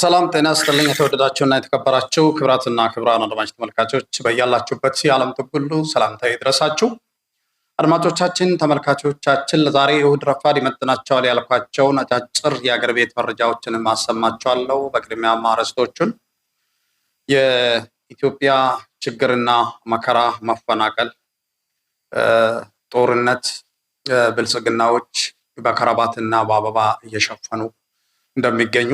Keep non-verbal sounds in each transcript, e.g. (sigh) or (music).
ሰላም ጤና ይስጥልኝ። የተወደዳችሁና የተከበራችሁ ክብራትና ክብራን አድማጭ ተመልካቾች በያላችሁበት የዓለም ትጉሉ ሰላምታ ይድረሳችሁ። አድማጮቻችን፣ ተመልካቾቻችን ለዛሬ እሁድ ረፋድ ይመጥናቸዋል ያልኳቸውን አጫጭር የአገር ቤት መረጃዎችን ማሰማቸዋለው በቅድሚያ ማረስቶቹን የኢትዮጵያ ችግርና መከራ፣ መፈናቀል፣ ጦርነት ብልጽግናዎች በከረባትና በአበባ እየሸፈኑ እንደሚገኙ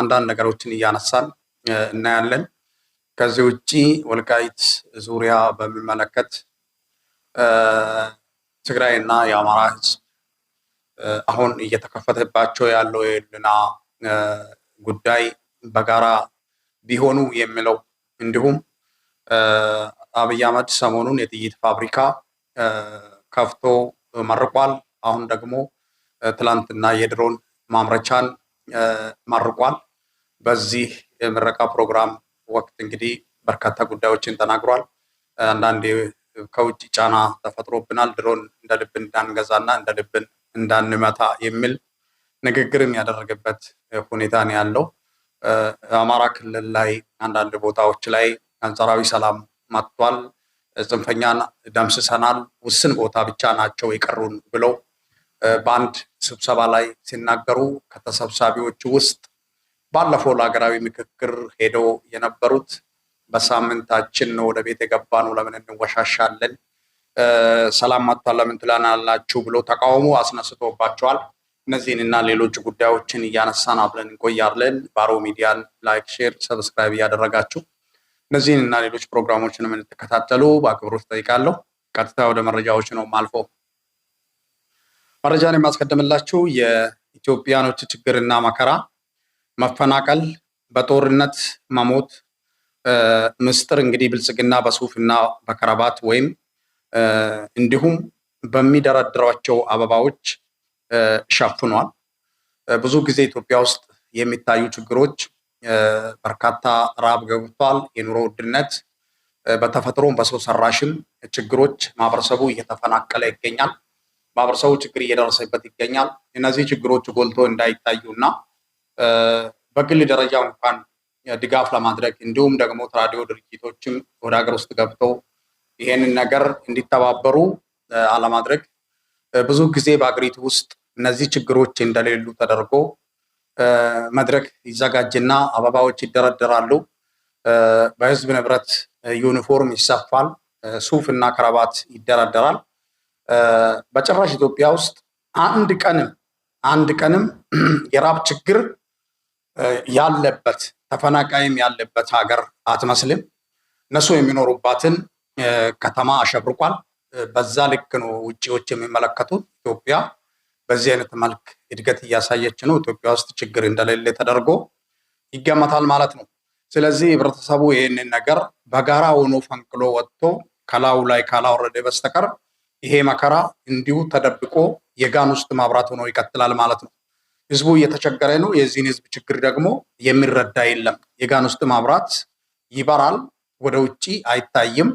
አንዳንድ ነገሮችን እያነሳን እናያለን። ከዚህ ውጭ ወልቃይት ዙሪያ በሚመለከት ትግራይና የአማራ ህዝብ አሁን እየተከፈተባቸው ያለው የህልና ጉዳይ በጋራ ቢሆኑ የሚለው እንዲሁም አብይ አህመድ ሰሞኑን የጥይት ፋብሪካ ከፍቶ መርቋል። አሁን ደግሞ ትላንትና የድሮን ማምረቻን መርቋል። በዚህ የምረቃ ፕሮግራም ወቅት እንግዲህ በርካታ ጉዳዮችን ተናግሯል። አንዳንዴ ከውጭ ጫና ተፈጥሮብናል፣ ድሮን እንደ ልብ እንዳንገዛና እንደ ልብን እንዳንመታ የሚል ንግግርም ያደረገበት ሁኔታ ነው ያለው። አማራ ክልል ላይ አንዳንድ ቦታዎች ላይ አንጻራዊ ሰላም መጥቷል፣ ጽንፈኛን ደምስሰናል፣ ውስን ቦታ ብቻ ናቸው የቀሩን ብለው በአንድ ስብሰባ ላይ ሲናገሩ ከተሰብሳቢዎች ውስጥ ባለፈው ለሀገራዊ ምክክር ሄደው የነበሩት በሳምንታችን ነው ወደ ቤት የገባ ነው፣ ለምን እንወሻሻለን፣ ሰላም ማጥቷል፣ ለምን ትለናላችሁ ብሎ ተቃውሞ አስነስቶባቸዋል። እነዚህንና ሌሎች ጉዳዮችን እያነሳን አብረን እንቆያለን። ባሮ ሚዲያን ላይክ፣ ሼር፣ ሰብስክራይብ እያደረጋችሁ እነዚህንና ሌሎች ፕሮግራሞችን የምንተከታተሉ በአክብሮት ጠይቃለሁ። ቀጥታ ወደ መረጃዎች ነው ማልፈው። መረጃን የማስቀደምላችሁ የኢትዮጵያኖች ችግርና መከራ፣ መፈናቀል፣ በጦርነት መሞት ምስጢር እንግዲህ ብልጽግና በሱፍና በከረባት ወይም እንዲሁም በሚደረድሯቸው አበባዎች ሸፍኗል። ብዙ ጊዜ ኢትዮጵያ ውስጥ የሚታዩ ችግሮች በርካታ ረሃብ ገብቷል፣ የኑሮ ውድነት፣ በተፈጥሮም በሰው ሰራሽም ችግሮች ማህበረሰቡ እየተፈናቀለ ይገኛል። ማህበረሰቡ ችግር እየደረሰበት ይገኛል። እነዚህ ችግሮች ጎልቶ እንዳይታዩ እና በግል ደረጃ እንኳን ድጋፍ ለማድረግ እንዲሁም ደግሞ ተራድኦ ድርጅቶችም ወደ ሀገር ውስጥ ገብተው ይሄንን ነገር እንዲተባበሩ አለማድረግ ብዙ ጊዜ በሀገሪቱ ውስጥ እነዚህ ችግሮች እንደሌሉ ተደርጎ መድረክ ይዘጋጅና አበባዎች ይደረደራሉ። በህዝብ ንብረት ዩኒፎርም ይሰፋል፣ ሱፍ እና ከረባት ይደረደራል። በጭራሽ ኢትዮጵያ ውስጥ አንድ ቀንም አንድ ቀንም (clears throat) የራብ ችግር ያለበት ተፈናቃይም ያለበት ሀገር አትመስልም። እነሱ የሚኖሩባትን ከተማ አሸብርቋል። በዛ ልክ ነው ውጭዎች የሚመለከቱት። ኢትዮጵያ በዚህ አይነት መልክ እድገት እያሳየች ነው። ኢትዮጵያ ውስጥ ችግር እንደሌለ ተደርጎ ይገመታል ማለት ነው። ስለዚህ ህብረተሰቡ ይህንን ነገር በጋራ ሆኖ ፈንቅሎ ወጥቶ ከላዩ ላይ ካላወረደ በስተቀር ይሄ መከራ እንዲሁ ተደብቆ የጋን ውስጥ ማብራት ሆኖ ይቀጥላል ማለት ነው። ህዝቡ እየተቸገረ ነው። የዚህን ህዝብ ችግር ደግሞ የሚረዳ የለም። የጋን ውስጥ ማብራት ይበራል፣ ወደ ውጭ አይታይም።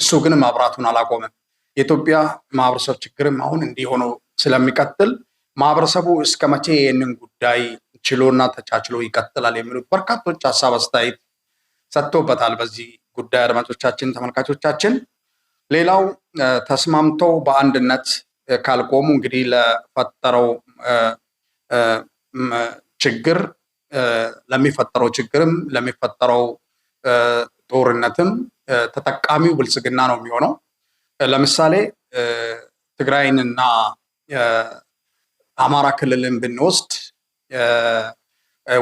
እሱ ግን ማብራቱን አላቆመም። የኢትዮጵያ ማህበረሰብ ችግርም አሁን እንዲህ ሆኖ ስለሚቀጥል ማህበረሰቡ እስከ መቼ ይህንን ጉዳይ ችሎና ተቻችሎ ይቀጥላል የሚሉት በርካቶች ሀሳብ አስተያየት ሰጥቶበታል። በዚህ ጉዳይ አድማጮቻችን፣ ተመልካቾቻችን ሌላው ተስማምተው በአንድነት ካልቆሙ እንግዲህ ለፈጠረው ችግር ለሚፈጠረው ችግርም ለሚፈጠረው ጦርነትም ተጠቃሚው ብልጽግና ነው የሚሆነው። ለምሳሌ ትግራይን እና አማራ ክልልን ብንወስድ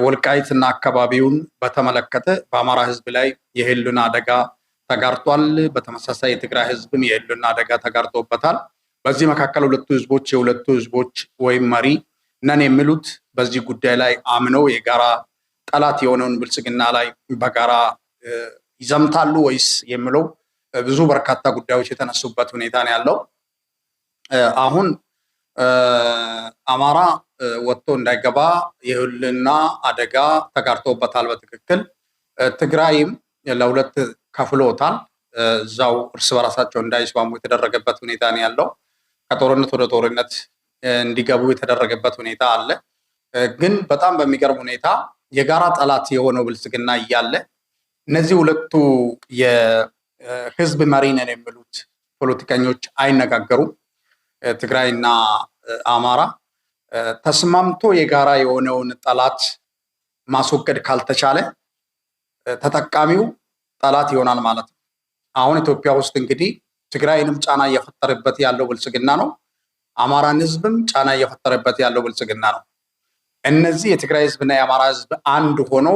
ወልቃይትና አካባቢውን በተመለከተ በአማራ ሕዝብ ላይ የህልውና አደጋ ተጋርጧል። በተመሳሳይ የትግራይ ህዝብም የህልና አደጋ ተጋርጦበታል። በዚህ መካከል ሁለቱ ህዝቦች የሁለቱ ህዝቦች ወይም መሪ ነን የሚሉት በዚህ ጉዳይ ላይ አምነው የጋራ ጠላት የሆነውን ብልጽግና ላይ በጋራ ይዘምታሉ ወይስ የሚለው ብዙ በርካታ ጉዳዮች የተነሱበት ሁኔታ ነው ያለው። አሁን አማራ ወጥቶ እንዳይገባ የህልና አደጋ ተጋርጦበታል በትክክል ትግራይም ለሁለት ከፍሎታል። እዛው እርስ በራሳቸው እንዳይስማሙ የተደረገበት ሁኔታ ነው ያለው። ከጦርነት ወደ ጦርነት እንዲገቡ የተደረገበት ሁኔታ አለ። ግን በጣም በሚገርም ሁኔታ የጋራ ጠላት የሆነው ብልጽግና እያለ እነዚህ ሁለቱ የህዝብ መሪ ነን የሚሉት ፖለቲከኞች አይነጋገሩም። ትግራይና አማራ ተስማምቶ የጋራ የሆነውን ጠላት ማስወገድ ካልተቻለ ተጠቃሚው ጠላት ይሆናል ማለት ነው። አሁን ኢትዮጵያ ውስጥ እንግዲህ ትግራይንም ጫና እየፈጠረበት ያለው ብልጽግና ነው። አማራን ህዝብም ጫና እየፈጠረበት ያለው ብልጽግና ነው። እነዚህ የትግራይ ህዝብና የአማራ ህዝብ አንድ ሆኖ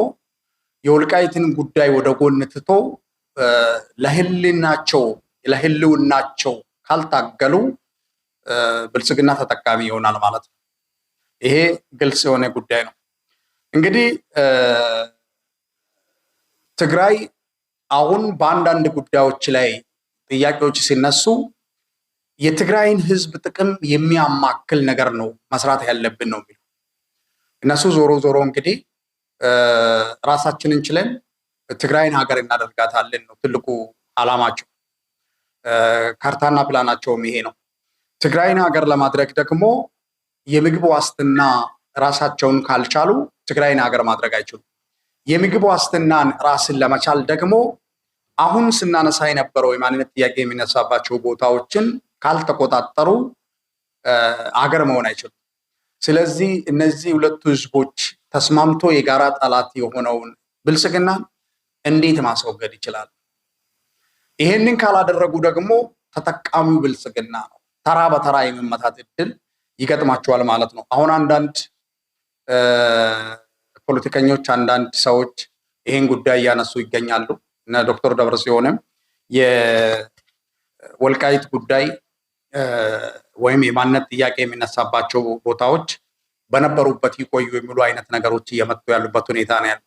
የወልቃይትን ጉዳይ ወደ ጎን ትቶ ለህልናቸው ለህልውናቸው ካልታገሉ ብልጽግና ተጠቃሚ ይሆናል ማለት ነው። ይሄ ግልጽ የሆነ ጉዳይ ነው። እንግዲህ ትግራይ አሁን በአንዳንድ ጉዳዮች ላይ ጥያቄዎች ሲነሱ የትግራይን ህዝብ ጥቅም የሚያማክል ነገር ነው መስራት ያለብን ነው የሚሉ እነሱ። ዞሮ ዞሮ እንግዲህ ራሳችንን ችለን ትግራይን ሀገር እናደርጋታለን ነው ትልቁ አላማቸው። ካርታና ፕላናቸውም ይሄ ነው። ትግራይን ሀገር ለማድረግ ደግሞ የምግብ ዋስትና ራሳቸውን ካልቻሉ ትግራይን ሀገር ማድረግ አይችሉም። የምግብ ዋስትናን ራስን ለመቻል ደግሞ አሁን ስናነሳ የነበረው የማንነት ጥያቄ የሚነሳባቸው ቦታዎችን ካልተቆጣጠሩ አገር መሆን አይችሉም። ስለዚህ እነዚህ ሁለቱ ህዝቦች ተስማምቶ የጋራ ጠላት የሆነውን ብልጽግና እንዴት ማስወገድ ይችላል? ይሄንን ካላደረጉ ደግሞ ተጠቃሚው ብልጽግና ነው። ተራ በተራ የመመታት እድል ይገጥማቸዋል ማለት ነው። አሁን አንዳንድ ፖለቲከኞች፣ አንዳንድ ሰዎች ይህን ጉዳይ እያነሱ ይገኛሉ። እነ ዶክተር ሲሆንም የወልቃይት ጉዳይ ወይም የማንነት ጥያቄ የሚነሳባቸው ቦታዎች በነበሩበት ይቆዩ የሚሉ አይነት ነገሮች እየመጡ ያሉበት ሁኔታ ነው ያለው።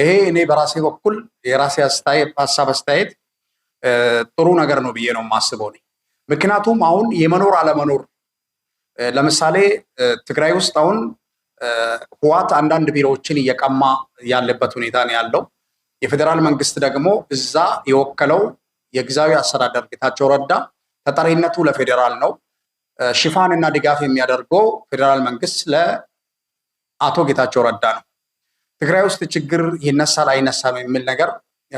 ይሄ እኔ በራሴ በኩል የራሴ ሀሳብ አስተያየት ጥሩ ነገር ነው ብዬ ነው የማስበው እኔ ምክንያቱም አሁን የመኖር አለመኖር ለምሳሌ ትግራይ ውስጥ አሁን ህዋት አንዳንድ ቢሮዎችን እየቀማ ያለበት ሁኔታ ነው ያለው። የፌዴራል መንግስት ደግሞ እዛ የወከለው የጊዜያዊ አስተዳደር ጌታቸው ረዳ ተጠሪነቱ ለፌዴራል ነው። ሽፋን እና ድጋፍ የሚያደርገው ፌዴራል መንግስት ለአቶ ጌታቸው ረዳ ነው። ትግራይ ውስጥ ችግር ይነሳል አይነሳም የሚል ነገር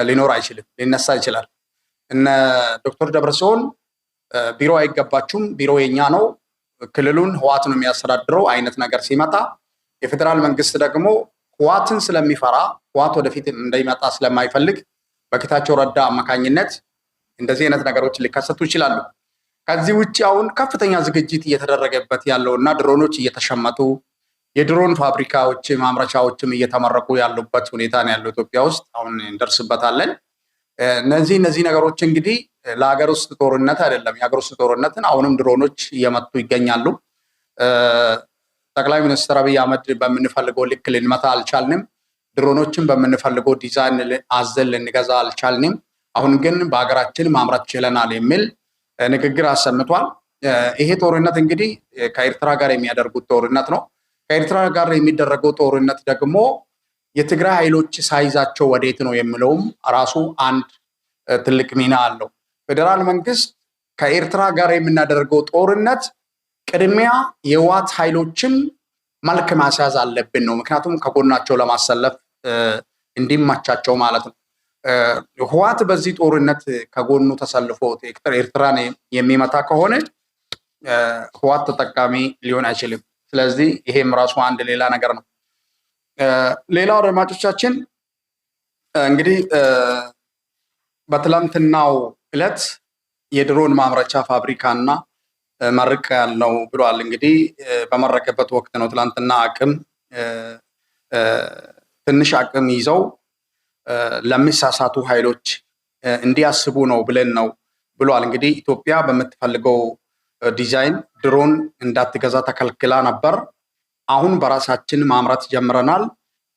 ሊኖር አይችልም። ሊነሳ ይችላል። እነ ዶክተር ደብረጽዮን ቢሮ አይገባችሁም፣ ቢሮ የኛ ነው፣ ክልሉን ህዋት ነው የሚያስተዳድረው አይነት ነገር ሲመጣ የፌዴራል መንግስት ደግሞ ህዋትን ስለሚፈራ ህዋት ወደፊት እንዳይመጣ ስለማይፈልግ በጌታቸው ረዳ አማካኝነት እንደዚህ አይነት ነገሮች ሊከሰቱ ይችላሉ። ከዚህ ውጭ አሁን ከፍተኛ ዝግጅት እየተደረገበት ያለው እና ድሮኖች እየተሸመቱ የድሮን ፋብሪካዎች ማምረቻዎችም እየተመረቁ ያሉበት ሁኔታ ነው ያለው ኢትዮጵያ ውስጥ አሁን እንደርስበታለን። እነዚህ እነዚህ ነገሮች እንግዲህ ለሀገር ውስጥ ጦርነት አይደለም፣ የሀገር ውስጥ ጦርነትን አሁንም ድሮኖች እየመቱ ይገኛሉ። ጠቅላይ ሚኒስትር አብይ አህመድ በምንፈልገው ልክ ልንመታ አልቻልንም። ድሮኖችን በምንፈልገው ዲዛይን አዘን ልንገዛ አልቻልንም። አሁን ግን በሀገራችን ማምረት ችለናል የሚል ንግግር አሰምቷል። ይሄ ጦርነት እንግዲህ ከኤርትራ ጋር የሚያደርጉት ጦርነት ነው። ከኤርትራ ጋር የሚደረገው ጦርነት ደግሞ የትግራይ ኃይሎች ሳይዛቸው ወዴት ነው የሚለውም ራሱ አንድ ትልቅ ሚና አለው። ፌዴራል መንግስት ከኤርትራ ጋር የምናደርገው ጦርነት ቅድሚያ የዋት ኃይሎችን መልክ ማስያዝ አለብን ነው። ምክንያቱም ከጎናቸው ለማሰለፍ እንዲመቻቸው ማለት ነው። ህዋት በዚህ ጦርነት ከጎኑ ተሰልፎ ኤርትራን የሚመታ ከሆነ ህዋት ተጠቃሚ ሊሆን አይችልም። ስለዚህ ይሄም ራሱ አንድ ሌላ ነገር ነው። ሌላው አድማጮቻችን እንግዲህ በትላንትናው እለት የድሮን ማምረቻ ፋብሪካና መርቅ ያለው ብሏል። እንግዲህ በመረቀበት ወቅት ነው ትላንትና አቅም ትንሽ አቅም ይዘው ለሚሳሳቱ ኃይሎች እንዲያስቡ ነው ብለን ነው ብሏል። እንግዲህ ኢትዮጵያ በምትፈልገው ዲዛይን ድሮን እንዳትገዛ ተከልክላ ነበር። አሁን በራሳችን ማምረት ጀምረናል።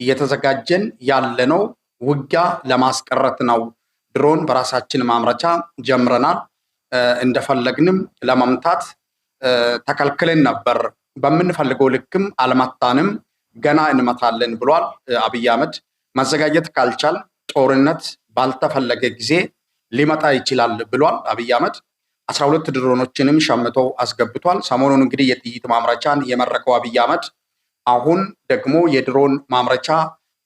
እየተዘጋጀን ያለነው ውጊያ ለማስቀረት ነው። ድሮን በራሳችን ማምረቻ ጀምረናል። እንደፈለግንም ለመምታት ተከልክለን ነበር። በምንፈልገው ልክም አልመታንም፣ ገና እንመታለን ብሏል አብይ አህመድ። መዘጋጀት ካልቻል ጦርነት ባልተፈለገ ጊዜ ሊመጣ ይችላል ብሏል አብይ አህመድ። አስራ ሁለት ድሮኖችንም ሸምቶ አስገብቷል። ሰሞኑን እንግዲህ የጥይት ማምረቻን የመረቀው አብይ አህመድ አሁን ደግሞ የድሮን ማምረቻ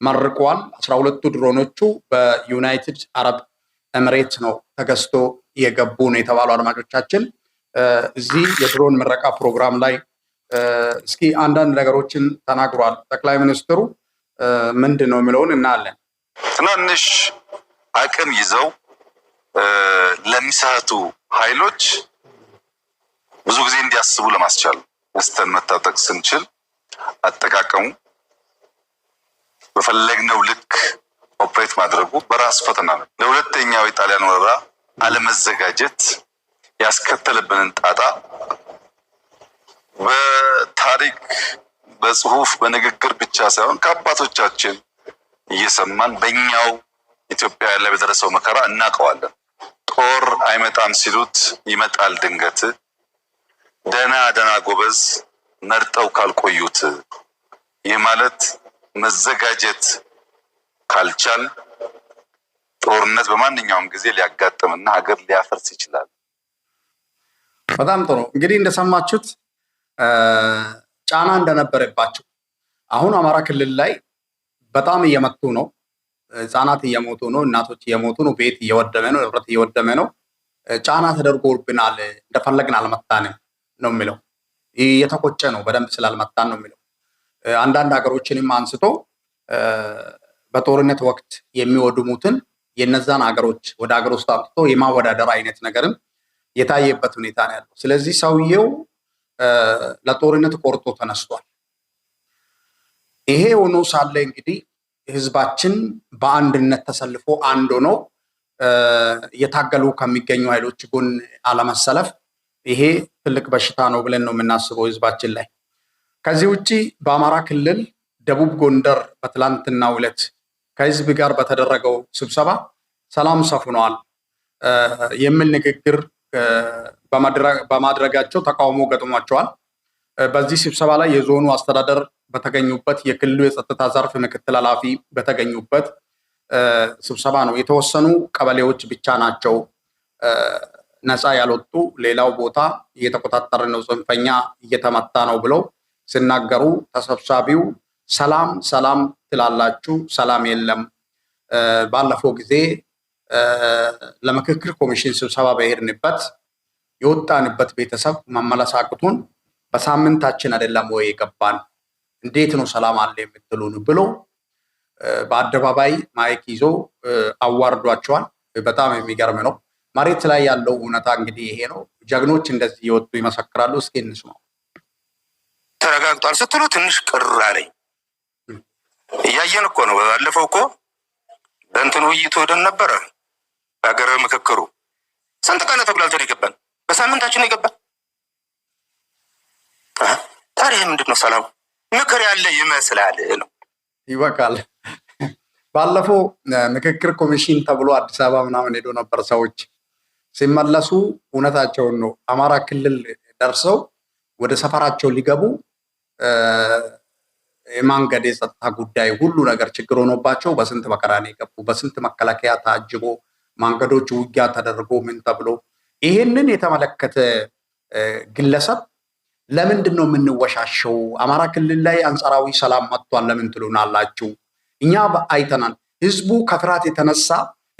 መርቋል። አስራ ሁለቱ ድሮኖቹ በዩናይትድ አረብ ኤምሬት ነው ተገዝቶ የገቡ ነው የተባሉ አድማጮቻችን እዚህ የድሮን ምረቃ ፕሮግራም ላይ እስኪ አንዳንድ ነገሮችን ተናግሯል ጠቅላይ ሚኒስትሩ። ምንድን ነው የሚለውን እናያለን። ትናንሽ አቅም ይዘው ለሚሳቱ ኃይሎች ብዙ ጊዜ እንዲያስቡ ለማስቻል ስተን መታጠቅ ስንችል አጠቃቀሙ በፈለግነው ልክ ኦፕሬት ማድረጉ በራስ ፈተና ነው። ለሁለተኛው የጣሊያን ወረራ አለመዘጋጀት ያስከተለብንን ጣጣ በታሪክ በጽሁፍ በንግግር ብቻ ሳይሆን ከአባቶቻችን እየሰማን በእኛው ኢትዮጵያ ላይ በደረሰው መከራ እናውቀዋለን። ጦር አይመጣም ሲሉት ይመጣል ድንገት፣ ደና ደና ጎበዝ መርጠው ካልቆዩት። ይህ ማለት መዘጋጀት ካልቻል ጦርነት በማንኛውም ጊዜ ሊያጋጥምና ሀገር ሊያፈርስ ይችላል። በጣም ጥሩ። እንግዲህ እንደሰማችሁት ጫና እንደነበረባቸው አሁን አማራ ክልል ላይ በጣም እየመጡ ነው። ህጻናት እየሞቱ ነው። እናቶች እየሞቱ ነው። ቤት እየወደመ ነው። ንብረት እየወደመ ነው። ጫና ተደርጎብናል፣ እንደፈለግን አልመታንም ነው የሚለው። እየተቆጨ ነው በደንብ ስላልመታን ነው የሚለው። አንዳንድ ሀገሮችንም አንስቶ በጦርነት ወቅት የሚወድሙትን የነዛን አገሮች ወደ አገር ውስጥ አውጥቶ የማወዳደር አይነት ነገርም የታየበት ሁኔታ ነው ያለው። ስለዚህ ሰውየው ለጦርነት ቆርጦ ተነስቷል። ይሄ ሆኖ ሳለ እንግዲህ ህዝባችን በአንድነት ተሰልፎ አንድ ሆኖ እየታገሉ ከሚገኙ ኃይሎች ጎን አለመሰለፍ ይሄ ትልቅ በሽታ ነው ብለን ነው የምናስበው ህዝባችን ላይ። ከዚህ ውጭ በአማራ ክልል ደቡብ ጎንደር በትላንትናው ዕለት ከህዝብ ጋር በተደረገው ስብሰባ ሰላም ሰፍኗል የሚል ንግግር በማድረጋቸው ተቃውሞ ገጥሟቸዋል። በዚህ ስብሰባ ላይ የዞኑ አስተዳደር በተገኙበት፣ የክልሉ የጸጥታ ዘርፍ ምክትል ኃላፊ በተገኙበት ስብሰባ ነው። የተወሰኑ ቀበሌዎች ብቻ ናቸው ነፃ ያልወጡ፣ ሌላው ቦታ እየተቆጣጠረ ነው፣ ጽንፈኛ እየተመታ ነው ብለው ሲናገሩ ተሰብሳቢው ሰላም ሰላም ትላላችሁ፣ ሰላም የለም። ባለፈው ጊዜ ለምክክር ኮሚሽን ስብሰባ በሄድንበት የወጣንበት ቤተሰብ መመለስ አቅቶን በሳምንታችን አይደለም ወይ የገባን እንዴት ነው ሰላም አለ የምትሉን ብሎ በአደባባይ ማይክ ይዞ አዋርዷቸዋል። በጣም የሚገርም ነው። መሬት ላይ ያለው እውነታ እንግዲህ ይሄ ነው። ጀግኖች እንደዚህ የወጡ ይመሰክራሉ። እስኪ እንስማው። ተረጋግጧል ስትሉ ትንሽ ቅር አለኝ። እያየን እኮ ነው። ባለፈው እኮ በእንትን ውይይቱ ወደን ነበረ። በሀገረ ምክክሩ ስንት ቀን ተጉላልተን የገባን? በሳምንታችን ነው የገባን። ታዲያ ምንድን ነው ሰላም ምክር ያለ ይመስላል ነው። ይበቃል። ባለፈው ምክክር ኮሚሽን ተብሎ አዲስ አበባ ምናምን ሄዶ ነበር። ሰዎች ሲመለሱ እውነታቸውን ነው። አማራ ክልል ደርሰው ወደ ሰፈራቸው ሊገቡ የማንገድ የጸጥታ ጉዳይ ሁሉ ነገር ችግር ሆኖባቸው በስንት ነው የገቡ በስንት መከላከያ ታጅቦ ማንገዶች ውጊያ ተደርጎ ምን ተብሎ ይሄንን የተመለከተ ግለሰብ ለምንድን ነው የምንወሻሸው? አማራ ክልል ላይ አንጻራዊ ሰላም መጥቷል ለምን ትሉናላችሁ? እኛ አይተናል። ህዝቡ ከፍርሃት የተነሳ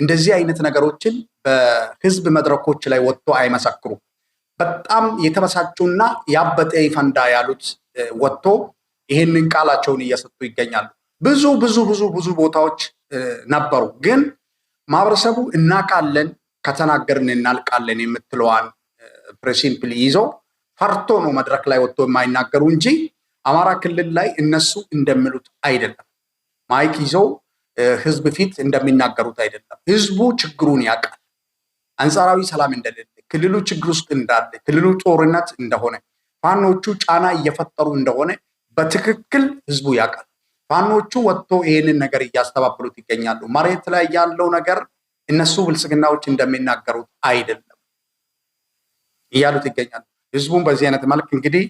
እንደዚህ አይነት ነገሮችን በህዝብ መድረኮች ላይ ወጥቶ አይመሰክሩም። በጣም የተበሳጩና ያበጠ ይፈንዳ ያሉት ወጥቶ ይሄንን ቃላቸውን እየሰጡ ይገኛሉ። ብዙ ብዙ ብዙ ብዙ ቦታዎች ነበሩ፣ ግን ማህበረሰቡ እናቃለን ከተናገርን እናልቃለን የምትለዋን ፕሬሲምፕል ይዘው ፈርቶ ነው መድረክ ላይ ወጥቶ የማይናገሩ እንጂ አማራ ክልል ላይ እነሱ እንደሚሉት አይደለም። ማይክ ይዘው ህዝብ ፊት እንደሚናገሩት አይደለም። ህዝቡ ችግሩን ያውቃል። አንጻራዊ ሰላም እንደሌለ፣ ክልሉ ችግር ውስጥ እንዳለ፣ ክልሉ ጦርነት እንደሆነ፣ ፋኖቹ ጫና እየፈጠሩ እንደሆነ በትክክል ህዝቡ ያውቃል። ፋኖቹ ወጥቶ ይህንን ነገር እያስተባበሉት ይገኛሉ። መሬት ላይ ያለው ነገር እነሱ ብልጽግናዎች እንደሚናገሩት አይደለም እያሉት ይገኛሉ። ህዝቡን በዚህ አይነት መልክ እንግዲህ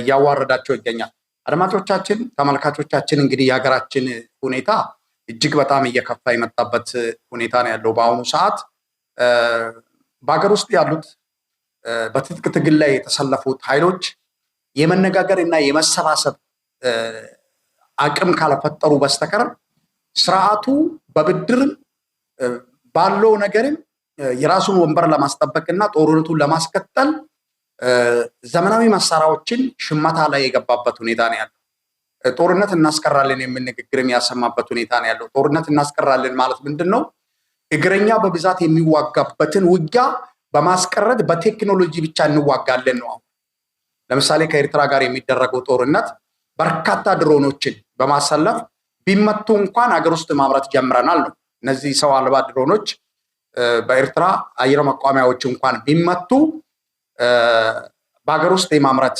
እያዋረዳቸው ይገኛል። አድማጮቻችን፣ ተመልካቾቻችን እንግዲህ የሀገራችን ሁኔታ እጅግ በጣም እየከፋ የመጣበት ሁኔታ ነው ያለው በአሁኑ ሰዓት በሀገር ውስጥ ያሉት በትጥቅ ትግል ላይ የተሰለፉት ኃይሎች የመነጋገር እና የመሰባሰብ አቅም ካልፈጠሩ በስተቀር ስርዓቱ በብድርም ባለው ነገርም የራሱን ወንበር ለማስጠበቅ እና ጦርነቱን ለማስቀጠል ዘመናዊ መሳሪያዎችን ሽመታ ላይ የገባበት ሁኔታ ነው ያለው። ጦርነት እናስቀራለን የሚል ንግግርም ያሰማበት ሁኔታ ነው ያለው። ጦርነት እናስቀራለን ማለት ምንድን ነው? እግረኛ በብዛት የሚዋጋበትን ውጊያ በማስቀረት በቴክኖሎጂ ብቻ እንዋጋለን ነው። ለምሳሌ ከኤርትራ ጋር የሚደረገው ጦርነት በርካታ ድሮኖችን በማሰለፍ ቢመቱ እንኳን ሀገር ውስጥ ማምረት ጀምረናል ነው። እነዚህ ሰው አልባ ድሮኖች በኤርትራ አየር መቋሚያዎች እንኳን ቢመቱ በሀገር ውስጥ የማምረት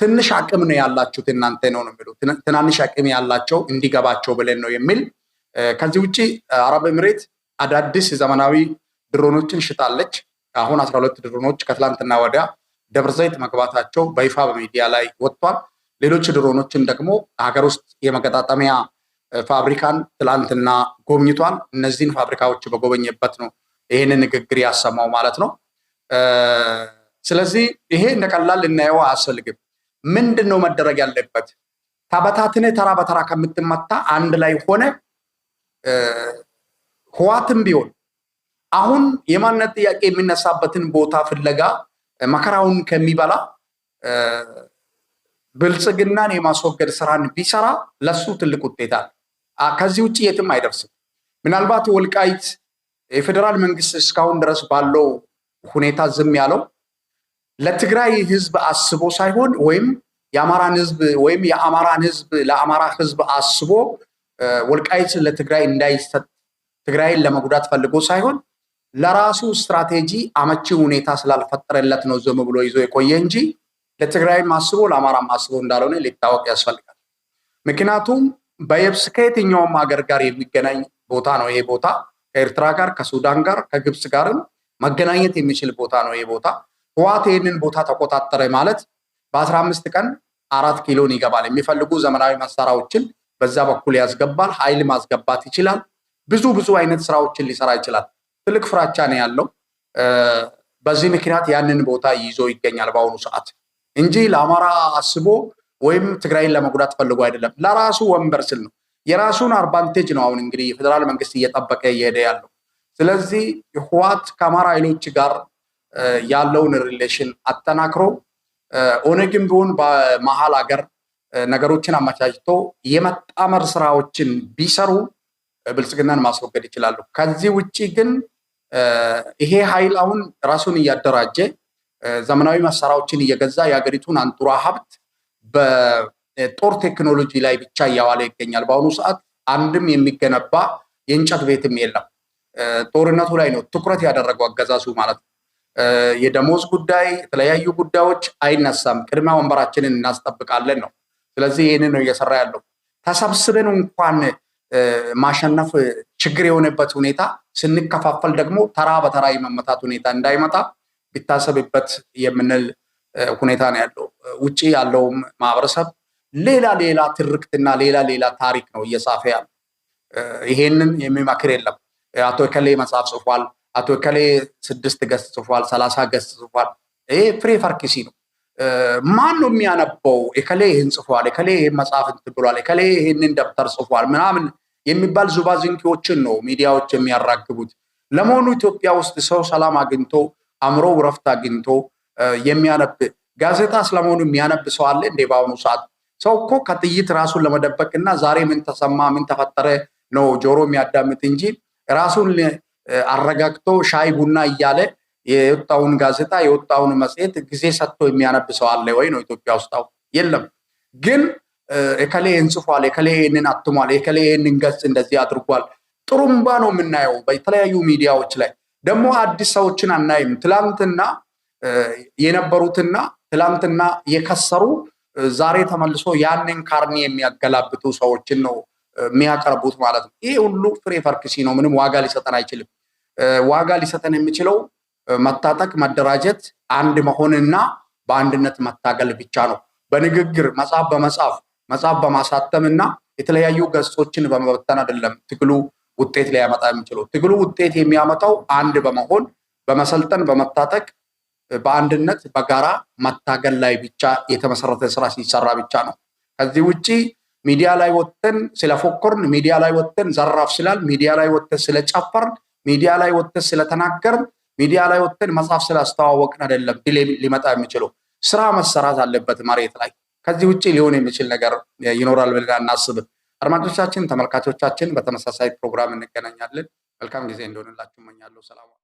ትንሽ አቅም ነው ያላችሁት እናንተ ነው ነው የሚሉ ትናንሽ አቅም ያላቸው እንዲገባቸው ብለን ነው የሚል። ከዚህ ውጭ አረብ ኤምሬት አዳዲስ ዘመናዊ ድሮኖችን ሽጣለች። አሁን አስራ ሁለት ድሮኖች ከትላንትና ወዲያ ደብረዘይት መግባታቸው በይፋ በሚዲያ ላይ ወጥቷል። ሌሎች ድሮኖችን ደግሞ ሀገር ውስጥ የመገጣጠሚያ ፋብሪካን ትላንትና ጎብኝቷል። እነዚህን ፋብሪካዎች በጎበኘበት ነው ይህንን ንግግር ያሰማው ማለት ነው። ስለዚህ ይሄ እንደቀላል ልናየው አያስፈልግም። ምንድን ነው መደረግ ያለበት? ተበታትነ ተራ በተራ ከምትመታ አንድ ላይ ሆነ ህዋትም ቢሆን አሁን የማንነት ጥያቄ የሚነሳበትን ቦታ ፍለጋ መከራውን ከሚበላ ብልጽግናን የማስወገድ ስራን ቢሰራ ለሱ ትልቅ ውጤት አለ። ከዚህ ውጭ የትም አይደርስም። ምናልባት ወልቃይት የፌዴራል መንግስት እስካሁን ድረስ ባለው ሁኔታ ዝም ያለው ለትግራይ ህዝብ አስቦ ሳይሆን ወይም የአማራን ህዝብ ወይም የአማራን ህዝብ ለአማራ ህዝብ አስቦ ወልቃይት ለትግራይ እንዳይሰጥ ትግራይን ለመጉዳት ፈልጎ ሳይሆን ለራሱ ስትራቴጂ አመቺ ሁኔታ ስላልፈጠረለት ነው ዝም ብሎ ይዞ የቆየ እንጂ ለትግራይም አስቦ ለአማራም አስቦ እንዳልሆነ ሊታወቅ ያስፈልጋል። ምክንያቱም በየብስ ከየትኛውም ሀገር ጋር የሚገናኝ ቦታ ነው ይሄ ቦታ። ከኤርትራ ጋር፣ ከሱዳን ጋር፣ ከግብፅ ጋርም መገናኘት የሚችል ቦታ ነው ይሄ ቦታ። ህዋት ይህንን ቦታ ተቆጣጠረ ማለት በአስራ አምስት ቀን አራት ኪሎን ይገባል። የሚፈልጉ ዘመናዊ መሳሪያዎችን በዛ በኩል ያስገባል። ኃይል ማስገባት ይችላል። ብዙ ብዙ አይነት ስራዎችን ሊሰራ ይችላል። ትልቅ ፍራቻ ነው ያለው። በዚህ ምክንያት ያንን ቦታ ይዞ ይገኛል በአሁኑ ሰዓት እንጂ ለአማራ አስቦ ወይም ትግራይን ለመጉዳት ፈልጎ አይደለም። ለራሱ ወንበር ስል ነው። የራሱን አርባንቴጅ ነው አሁን እንግዲህ የፌዴራል መንግስት እየጠበቀ እየሄደ ያለው። ስለዚህ ህወሓት ከአማራ ኃይሎች ጋር ያለውን ሪሌሽን አጠናክሮ ኦነግም ቢሆን በመሀል ሀገር ነገሮችን አመቻችቶ የመጣመር ስራዎችን ቢሰሩ ብልጽግናን ማስወገድ ይችላሉ። ከዚህ ውጭ ግን ይሄ ኃይል አሁን ራሱን እያደራጀ ዘመናዊ መሳሪያዎችን እየገዛ የሀገሪቱን አንጡራ ሀብት በጦር ቴክኖሎጂ ላይ ብቻ እያዋለ ይገኛል። በአሁኑ ሰዓት አንድም የሚገነባ የእንጨት ቤትም የለም። ጦርነቱ ላይ ነው ትኩረት ያደረገው አገዛዙ ማለት ነው። የደሞዝ ጉዳይ፣ የተለያዩ ጉዳዮች አይነሳም። ቅድሚያ ወንበራችንን እናስጠብቃለን ነው። ስለዚህ ይህንን ነው እየሰራ ያለው። ተሰብስበን እንኳን ማሸነፍ ችግር የሆነበት ሁኔታ ስንከፋፈል ደግሞ ተራ በተራ የመመታት ሁኔታ እንዳይመጣ ቢታሰብበት የምንል ሁኔታ ነው ያለው። ውጭ ያለውም ማህበረሰብ ሌላ ሌላ ትርክትና ሌላ ሌላ ታሪክ ነው እየጻፈ ያለ። ይሄንን የሚመክር የለም። አቶ ከሌ መጽሐፍ ጽፏል፣ አቶ ከሌ ስድስት ገጽ ጽፏል፣ ሰላሳ ገጽ ጽፏል። ይሄ ፍሬ ፈርኪሲ ነው። ማን ነው የሚያነበው? የከሌ ይህን ጽፏል፣ የከሌ ይህን መጽሐፍ ብሏል፣ የከሌ ይህንን ደብተር ጽፏል ምናምን የሚባል ዙባዝንኪዎችን ነው ሚዲያዎች የሚያራግቡት። ለመሆኑ ኢትዮጵያ ውስጥ ሰው ሰላም አግኝቶ አምሮ ውረፍት አግኝቶ የሚያነብ ጋዜጣ ስለመሆኑ የሚያነብ ሰው አለ እንዴ? በአሁኑ ሰዓት ሰው እኮ ከጥይት ራሱን ለመደበቅ እና ዛሬ ምን ተሰማ ምን ተፈጠረ ነው ጆሮ የሚያዳምጥ እንጂ ራሱን አረጋግቶ ሻይ ቡና እያለ የወጣውን ጋዜጣ የወጣውን መጽሔት ጊዜ ሰጥቶ የሚያነብ ሰው አለ ወይ ነው ኢትዮጵያ ውስጥ? የለም ግን የከሌ እንጽፏል፣ የከሌ ይህንን አትሟል፣ የከሌ ይህንን ገጽ እንደዚህ አድርጓል። ጥሩምባ ነው የምናየው በተለያዩ ሚዲያዎች ላይ ደግሞ አዲስ ሰዎችን አናይም። ትላንትና የነበሩትና ትላንትና የከሰሩ ዛሬ ተመልሶ ያንን ካርኒ የሚያገላብጡ ሰዎችን ነው የሚያቀርቡት ማለት ነው። ይህ ሁሉ ፍሬ ፈርክሲ ነው። ምንም ዋጋ ሊሰጠን አይችልም። ዋጋ ሊሰጠን የሚችለው መታጠቅ፣ መደራጀት፣ አንድ መሆንና በአንድነት መታገል ብቻ ነው። በንግግር መጽሐፍ በመጽሐፍ መጽሐፍ በማሳተም እና የተለያዩ ገጾችን በመበተን አይደለም ትግሉ ውጤት ሊያመጣ የሚችለው። ትግሉ ውጤት የሚያመጣው አንድ በመሆን በመሰልጠን፣ በመታጠቅ፣ በአንድነት በጋራ መታገል ላይ ብቻ የተመሰረተ ስራ ሲሰራ ብቻ ነው። ከዚህ ውጭ ሚዲያ ላይ ወጥተን ስለፎከርን፣ ሚዲያ ላይ ወጥተን ዘራፍ ስላል፣ ሚዲያ ላይ ወጥተን ስለጨፈርን፣ ሚዲያ ላይ ወጥተን ስለተናገርን፣ ሚዲያ ላይ ወጥተን መጽሐፍ ስላስተዋወቅን አይደለም ድል ሊመጣ የሚችለው። ስራ መሰራት አለበት መሬት ላይ ከዚህ ውጭ ሊሆን የሚችል ነገር ይኖራል ብለን አናስብም። አድማጮቻችን፣ ተመልካቾቻችን በተመሳሳይ ፕሮግራም እንገናኛለን። መልካም ጊዜ እንደሆንላችሁ እመኛለሁ። ሰላም